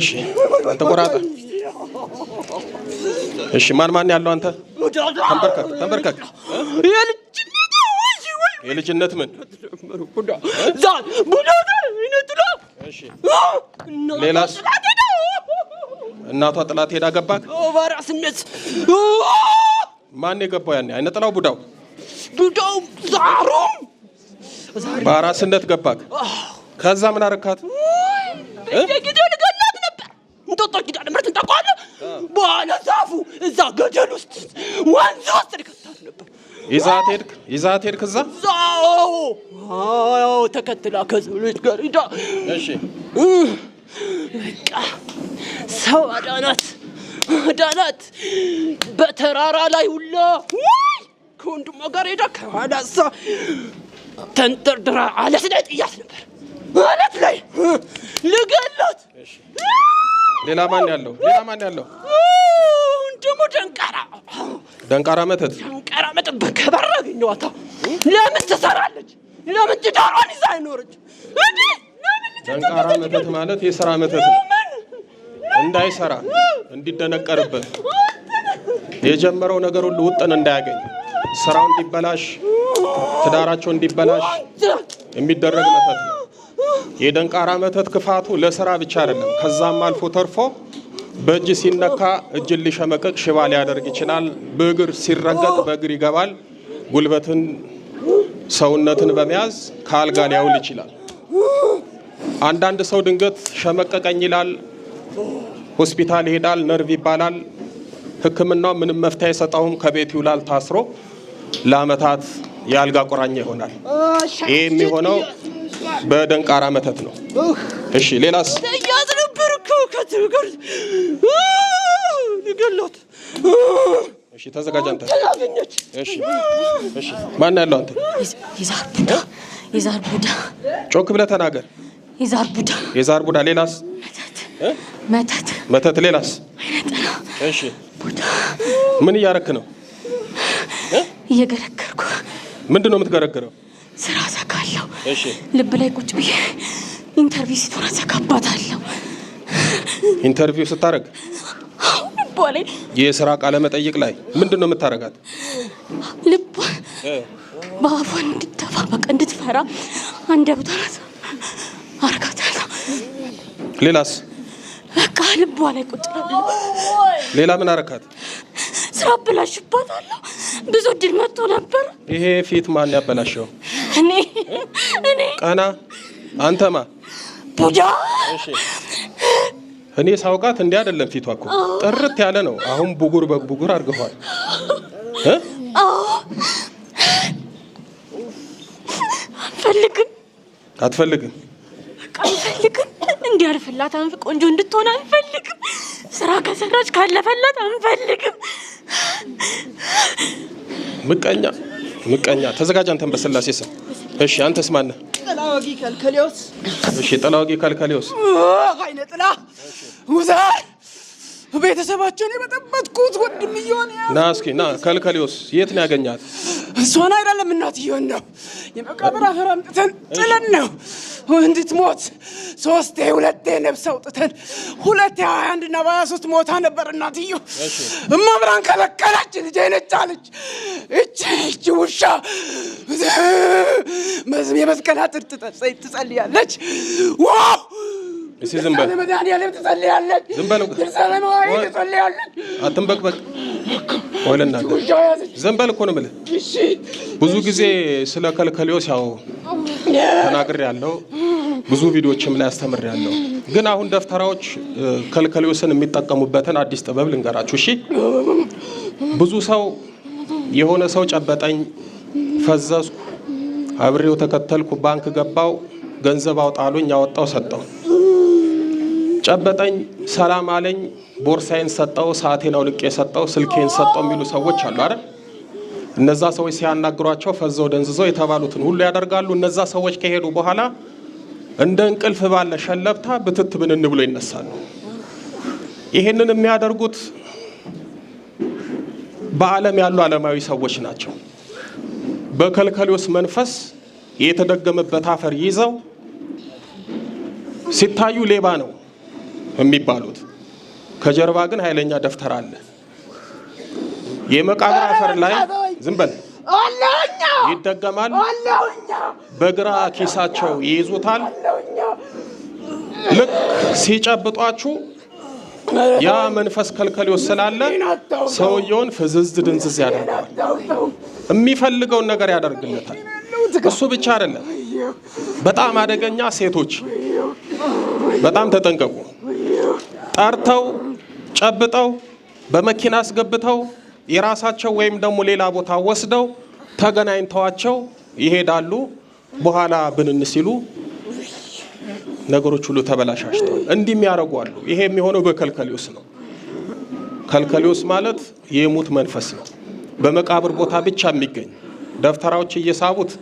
እሺ ተቆራጠ። እሺ ማን ማን ያለው አንተ? ተንበርከክ ተንበርከክ። የልጅነት ምን ሌላስ? እናቷ ጥላት ሄዳ ገባክ? ማን የገባው ያኔ? አይነ ጥላው ቡዳው ቡዳው ዛሩም በአራስነት ገባክ። ከዛ ምን አረካት? እዛ ገደል ውስጥ ወንዝ ውስጥ ልከታት ነበር። ይዛት ሄድክ? ይዛት ሄድክ? እዛ ዛው አዎ፣ ተከትላ ከዚህ ልጅ ጋር ሂዳ፣ እሺ በቃ ሰው አዳናት፣ አዳናት በተራራ ላይ ሁላ ወይ ከወንድሟ ጋር ሄዳ ከኋላ እሷ ተንጠርድራ አለት ላይ ጥያት ነበር። አለት ላይ ልገላት። ሌላ ማን ያለው? ሌላ ማን ያለው? ደግሞ ደንቃራ ደንቃራ መተት ደንቃራ መተት በከበር አገኘኋታ። ለምን ትሰራለች? ለምን ትዳሯን ይዛ አይኖረች? ደንቃራ መተት ማለት የስራ መተት ነው። እንዳይሰራ እንዲደነቀርበት፣ የጀመረው ነገር ሁሉ ውጥን እንዳያገኝ፣ ስራው እንዲበላሽ፣ ትዳራቸው እንዲበላሽ የሚደረግ መተት ነው። የደንቃራ መተት ክፋቱ ለስራ ብቻ አይደለም፣ ከዛም አልፎ ተርፎ በእጅ ሲነካ እጅን ሊሸመቀቅ ሽባ ሊያደርግ ይችላል። በእግር ሲረገጥ በእግር ይገባል። ጉልበትን፣ ሰውነትን በመያዝ ከአልጋ ሊያውል ይችላል። አንዳንድ ሰው ድንገት ሸመቀቀኝ ይላል። ሆስፒታል ይሄዳል። ነርቭ ይባላል። ሕክምናው ምንም መፍትሄ አይሰጠውም። ከቤት ይውላል ታስሮ ለአመታት የአልጋ ቁራኛ ይሆናል። ይህ የሚሆነው በደንቃራ መተት ነው። እሺ ሌላስ? ከዚህ ነገር ሊገላት እሺ፣ ተዘጋጅ አንተ። እሺ፣ እሺ። ማን ያለው አንተ? የዛር ቡዳ፣ የዛር ቡዳ። ጮክ ብለህ ተናገር። የዛር ቡዳ፣ የዛር ቡዳ። ሌላስ? መተት፣ መተት። ሌላስ? እሺ፣ ቡዳ። ምን እያረክ ነው? እየገረገርኩ። ምንድን ነው የምትገረግረው? ስራ ዘጋለሁ። እሺ። ልብ ላይ ቁጭ ብዬ ኢንተርቪው ሲቶራ ዘጋባታለሁ። ኢንተርቪው ስታደርግ የስራ ቃለ መጠይቅ ላይ ምንድን ነው የምታደርጋት? ልቧ በአፏ እንድትተፋ በቃ እንድትፈራ አንደበቷን አርጋታለሁ። ሌላስ? በቃ ልቧ ላይ ቁጭ ሌላ ምን አረካት? ስራ አበላሽባታለሁ። ብዙ እድል መጥቶ ነበር። ይሄ ፊት ማን ያበላሸው? እኔ እኔ ቀና አንተማ ቡጃ እኔ ሳውቃት እንዲህ አይደለም። ፊቷ እኮ ጥርት ያለ ነው። አሁን ብጉር በብጉር አድርገዋል። አልፈልግም። አትፈልግም? አልፈልግም። አንፍ ቆንጆ እንድትሆን አንፈልግም። ስራ ከሰራች ካለፈላት አንፈልግም። ምቀኛ ምቀኛ። ተዘጋጅ አንተን በስላሴ ስም። እሺ አንተስ ማነህ? ጠላዋጊ ከልከሌዎስ። እሺ ጠላዋጊ ከልከሌዎስ አይነ ጥላ ሙዛይ ቤተሰባቸውን የበጠበጥኩት ወንድምየሆን ና እስኪ ና ከልከሌዎስ የት ነው ያገኛት? እሷን አይደለም እናትየሆን ነው የመቃብር አፈር አምጥተን ጥለን ነው እንድትሞት ሶስቴ ሁለቴ ነብስ አውጥተን ሁለቴ ሀያ አንድ እና በሀያ ሶስት ሞታ ነበር እናትዮ። እማብራን ከለከለች። ልጄ ነች አለች። እች እች ውሻ የመስቀል አጥር ትጸልያለች። ዋው እሺ ዝም በል መድኃኒዓለም ትጸልያለች። ዝም በል ትጸልያለች። አትንበቅበቅ ዝም በል እኮ ነው የምልህ። ብዙ ጊዜ ስለ ከልከሌዎስ ያው ተናግሬያለሁ። ብዙ ቪዲዮዎችም ላይ አስተምሬያለሁ። ግን አሁን ደፍተራዎች ከልከሌዎስን የሚጠቀሙበትን አዲስ ጥበብ ልንገራችሁ። እሺ ብዙ ሰው የሆነ ሰው ጨበጠኝ፣ ፈዘዝኩ፣ አብሬው ተከተልኩ፣ ባንክ ገባው፣ ገንዘብ አውጣሉኝ፣ ያወጣው ሰጠው ጨበጠኝ፣ ሰላም አለኝ፣ ቦርሳዬን ሰጠው፣ ሰዓቴን አውልቄ ሰጠው፣ ስልኬን ሰጠው የሚሉ ሰዎች አሉ አይደል? እነዛ ሰዎች ሲያናግሯቸው ፈዘው ደንዝዘው የተባሉትን ሁሉ ያደርጋሉ። እነዛ ሰዎች ከሄዱ በኋላ እንደ እንቅልፍ ባለ ሸለብታ ብትት ብንን ብሎ ይነሳሉ። ይህንን የሚያደርጉት በዓለም ያሉ ዓለማዊ ሰዎች ናቸው። በከልከሌዎስ መንፈስ የተደገመበት አፈር ይዘው ሲታዩ ሌባ ነው የሚባሉት። ከጀርባ ግን ኃይለኛ ደፍተር አለ። የመቃብር አፈር ላይ ዝም በል ይደገማል። በግራ ኪሳቸው ይይዙታል። ልክ ሲጨብጧችሁ ያ መንፈስ ከልከል ስላለ ሰውየውን ፍዝዝ ድንዝዝ ያደርገዋል። የሚፈልገውን ነገር ያደርግለታል። እሱ ብቻ አይደለም፣ በጣም አደገኛ ሴቶች፣ በጣም ተጠንቀቁ። ጠርተው ጨብጠው በመኪና አስገብተው የራሳቸው ወይም ደግሞ ሌላ ቦታ ወስደው ተገናኝተዋቸው ይሄዳሉ። በኋላ ብንን ሲሉ ነገሮች ሁሉ ተበላሻሽተዋል። እንዲህም ያደርጓሉ። ይሄ የሚሆነው በከልከሊዎስ ነው። ከልከሊዎስ ማለት የሙት መንፈስ ነው። በመቃብር ቦታ ብቻ የሚገኝ ደብተራዎች እየሳቡት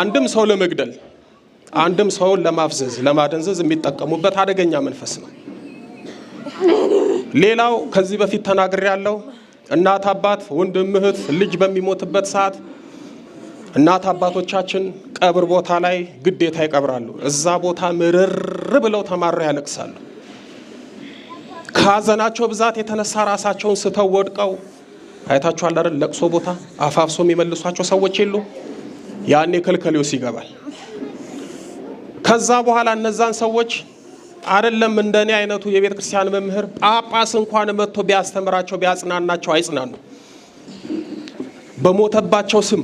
አንድም ሰው ለመግደል አንድም ሰውን ለማፍዘዝ ለማደንዘዝ የሚጠቀሙበት አደገኛ መንፈስ ነው። ሌላው ከዚህ በፊት ተናግሬ ያለው እናት አባት፣ ወንድም እህት፣ ልጅ በሚሞትበት ሰዓት እናት አባቶቻችን ቀብር ቦታ ላይ ግዴታ ይቀብራሉ። እዛ ቦታ ምርር ብለው ተማረው ያለቅሳሉ። ከሀዘናቸው ብዛት የተነሳ ራሳቸውን ስተው ወድቀው አይታችኋል አይደል? ለቅሶ ቦታ አፋፍሶ የሚመልሷቸው ሰዎች የሉ። ያኔ ከልከሌውስ ይገባል። ከዛ በኋላ እነዛን ሰዎች አይደለም እንደኔ አይነቱ የቤተ ክርስቲያን መምህር ጳጳስ እንኳን መጥቶ ቢያስተምራቸው ቢያጽናናቸው አይጽናኑ። በሞተባቸው ስም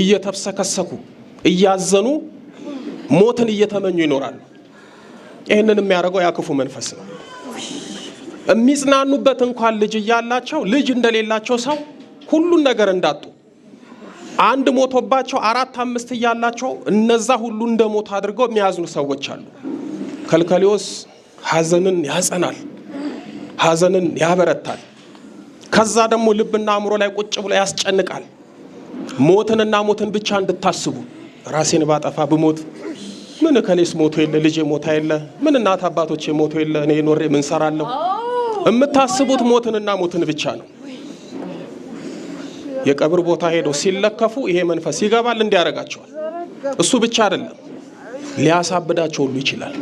እየተብሰከሰኩ እያዘኑ ሞትን እየተመኙ ይኖራሉ። ይህንን የሚያደርገው ያክፉ መንፈስ ነው። የሚጽናኑበት እንኳን ልጅ እያላቸው ልጅ እንደሌላቸው ሰው ሁሉን ነገር እንዳጡ አንድ ሞቶባቸው አራት አምስት እያላቸው እነዛ ሁሉ እንደሞት አድርገው የሚያዝኑ ሰዎች አሉ። ከልከሌዎስ ሀዘንን ያጸናል፣ ሀዘንን ያበረታል። ከዛ ደግሞ ልብና አእምሮ ላይ ቁጭ ብሎ ያስጨንቃል። ሞትንና ሞትን ብቻ እንድታስቡ ራሴን ባጠፋ ብሞት ምን እከሌስ ሞቶ የለ ልጄ ሞታ የለ ምን እናት አባቶች ሞቶ የለ እኔ ኖሬ ምን ሰራለሁ? የምታስቡት ሞትንና ሞትን ብቻ ነው። የቀብር ቦታ ሄደው ሲለከፉ ይሄ መንፈስ ይገባል፣ እንዲያደርጋቸዋል። እሱ ብቻ አይደለም ሊያሳብዳቸው ሁሉ ይችላል።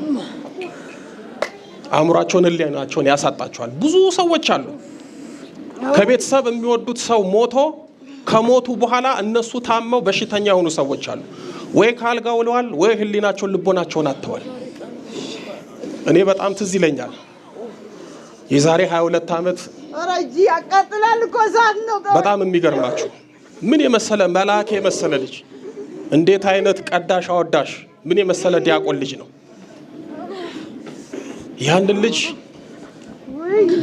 አእምሯቸውን ሕሊናቸውን ያሳጣቸዋል። ብዙ ሰዎች አሉ ከቤተሰብ የሚወዱት ሰው ሞቶ ከሞቱ በኋላ እነሱ ታመው በሽተኛ የሆኑ ሰዎች አሉ። ወይ ከአልጋ ውለዋል፣ ወይ ሕሊናቸውን ልቦናቸውን አጥተዋል። እኔ በጣም ትዝ ይለኛል የዛሬ 22 ዓመት በጣም የሚገርማችሁ ምን የመሰለ መልአክ የመሰለ ልጅ እንዴት አይነት ቀዳሽ አወዳሽ ምን የመሰለ ዲያቆን ልጅ ነው። ያንን ልጅ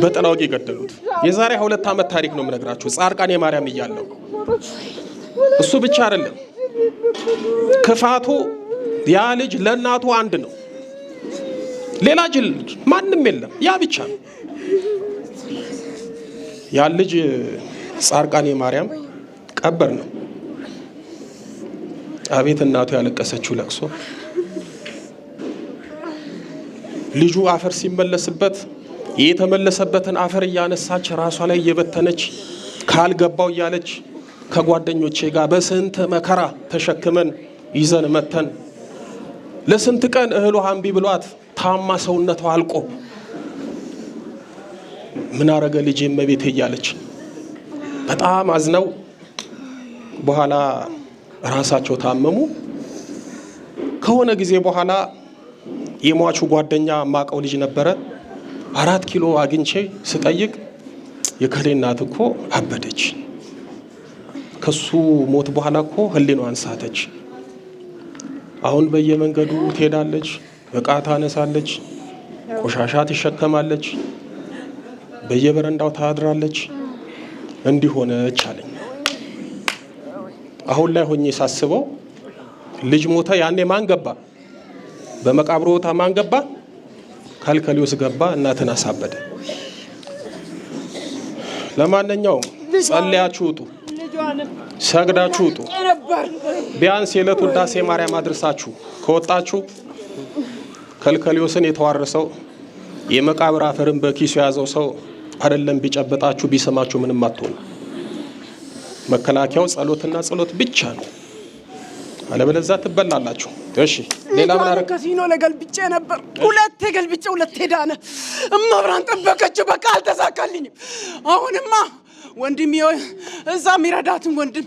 በጠላውቅ የገደሉት የዛሬ ሁለት ዓመት ታሪክ ነው የምነግራችሁ። ጻድቃኔ ማርያም እያለው እሱ ብቻ አይደለም ክፋቱ፣ ያ ልጅ ለእናቱ አንድ ነው። ሌላ ጅል ማንም የለም። ያ ብቻ ነው። ያ ልጅ ጻድቃኔ ማርያም ቀበር ነው። አቤት እናቱ ያለቀሰችው ለቅሶ ልጁ አፈር ሲመለስበት የተመለሰበትን አፈር እያነሳች ራሷ ላይ እየበተነች ካልገባው እያለች ከጓደኞቼ ጋር በስንት መከራ ተሸክመን ይዘን መተን ለስንት ቀን እህል ውሃ እምቢ ብሏት ታማ ሰውነቷ አልቆ ምን አረገ ልጄ መቤቴ እያለች በጣም አዝነው በኋላ ራሳቸው ታመሙ። ከሆነ ጊዜ በኋላ የሟቹ ጓደኛ ማቀው ልጅ ነበረ። አራት ኪሎ አግኝቼ ስጠይቅ የከሌ እናት እኮ አበደች፣ ከሱ ሞት በኋላ እኮ ህሊኗ አንሳተች። አሁን በየመንገዱ ትሄዳለች፣ እቃ ታነሳለች፣ ቆሻሻ ትሸከማለች፣ በየበረንዳው ታድራለች። እንዲሆነች አለኝ። አሁን ላይ ሆኜ ሳስበው ልጅ ሞተ፣ ያኔ ማን ገባ? በመቃብሮ ታማን ገባ፣ ከልከሊዮስ ገባ፣ እናትን አሳበደ። ለማንኛውም ጸልያችሁ ውጡ፣ ሰግዳችሁ ውጡ። ቢያንስ የዕለት ውዳሴ ማርያም አድርሳችሁ ከወጣችሁ ከልከሊዮስን የተዋረሰው የመቃብር አፈርን በኪሱ የያዘው ሰው አይደለም። ቢጨበጣችሁ ቢሰማችሁ ምንም አትሆኑ። መከላከያው ጸሎትና ጸሎት ብቻ ነው። አለበለዚያ ትበላላችሁ። እሺ፣ ሌላ ምን አረግ? ከሲኖ ለገልብጬ ነበር። ሁለቴ ገልብጬ ሁለቴ ዳነ። እመብራን ጠበቀች። በቃ አልተሳካልኝም። አሁንማ ወንድም እዛ የሚረዳትን ወንድም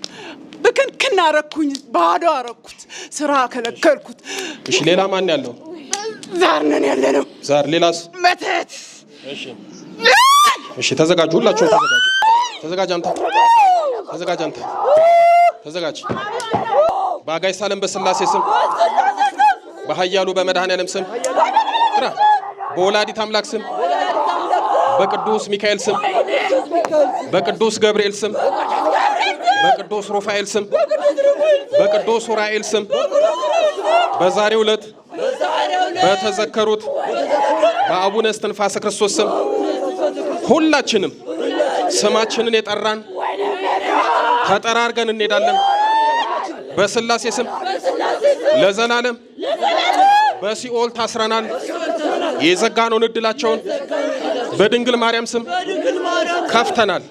ብክንክን አረኩኝ፣ ባዶ አረኩት፣ ስራ ከለከልኩት። እሺ፣ ሌላ ማን ያለው? ዛር ነን ያለ ነው። ዛር ሌላስ? መተት። እሺ፣ እሺ፣ ተዘጋጁ። ሁላችሁ ተዘጋጁ። ተዘጋጅ አንተ፣ ተዘጋጅ አንተ፣ ተዘጋጅ ሳለም በስላሴ ስም በኃያሉ በመድኃኔዓለም ስም በወላዲት አምላክ ስም በቅዱስ ሚካኤል ስም በቅዱስ ገብርኤል ስም በቅዱስ ሩፋኤል ስም በቅዱስ ኡራኤል ስም በዛሬው ዕለት በተዘከሩት በአቡነ እስትንፋሰ ክርስቶስ ስም ሁላችንም ስማችንን የጠራን ተጠራርገን እንሄዳለን። በስላሴ ስም ለዘላለም በሲኦል ታስረናል። የዘጋነውን እድላቸውን በድንግል ማርያም ስም ከፍተናል።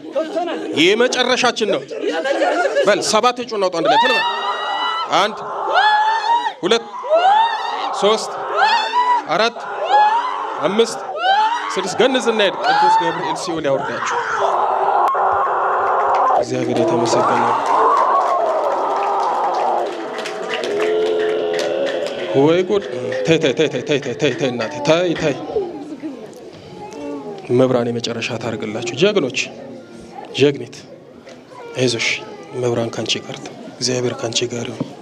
የመጨረሻችን ነው። በል ሰባት የጩና ነው። አንድ ላይ አንድ ሁለት ሶስት አራት አምስት ስድስት ገንዝ ሄድ ቅዱስ ገብርኤል ሲኦል ያወርዳችሁ። እግዚአብሔር የተመሰገነ ወይ ጉድ! ተይ ተይ ተይ ተይ ተይ ተይ እናቴ ተይ ተይ። መብራን የመጨረሻ ታርግላችሁ። ጀግኖች ጀግኒት፣ አይዞሽ መብራን ካንቺ ጋር እግዚአብሔር ካንቺ ጋር ይሁን።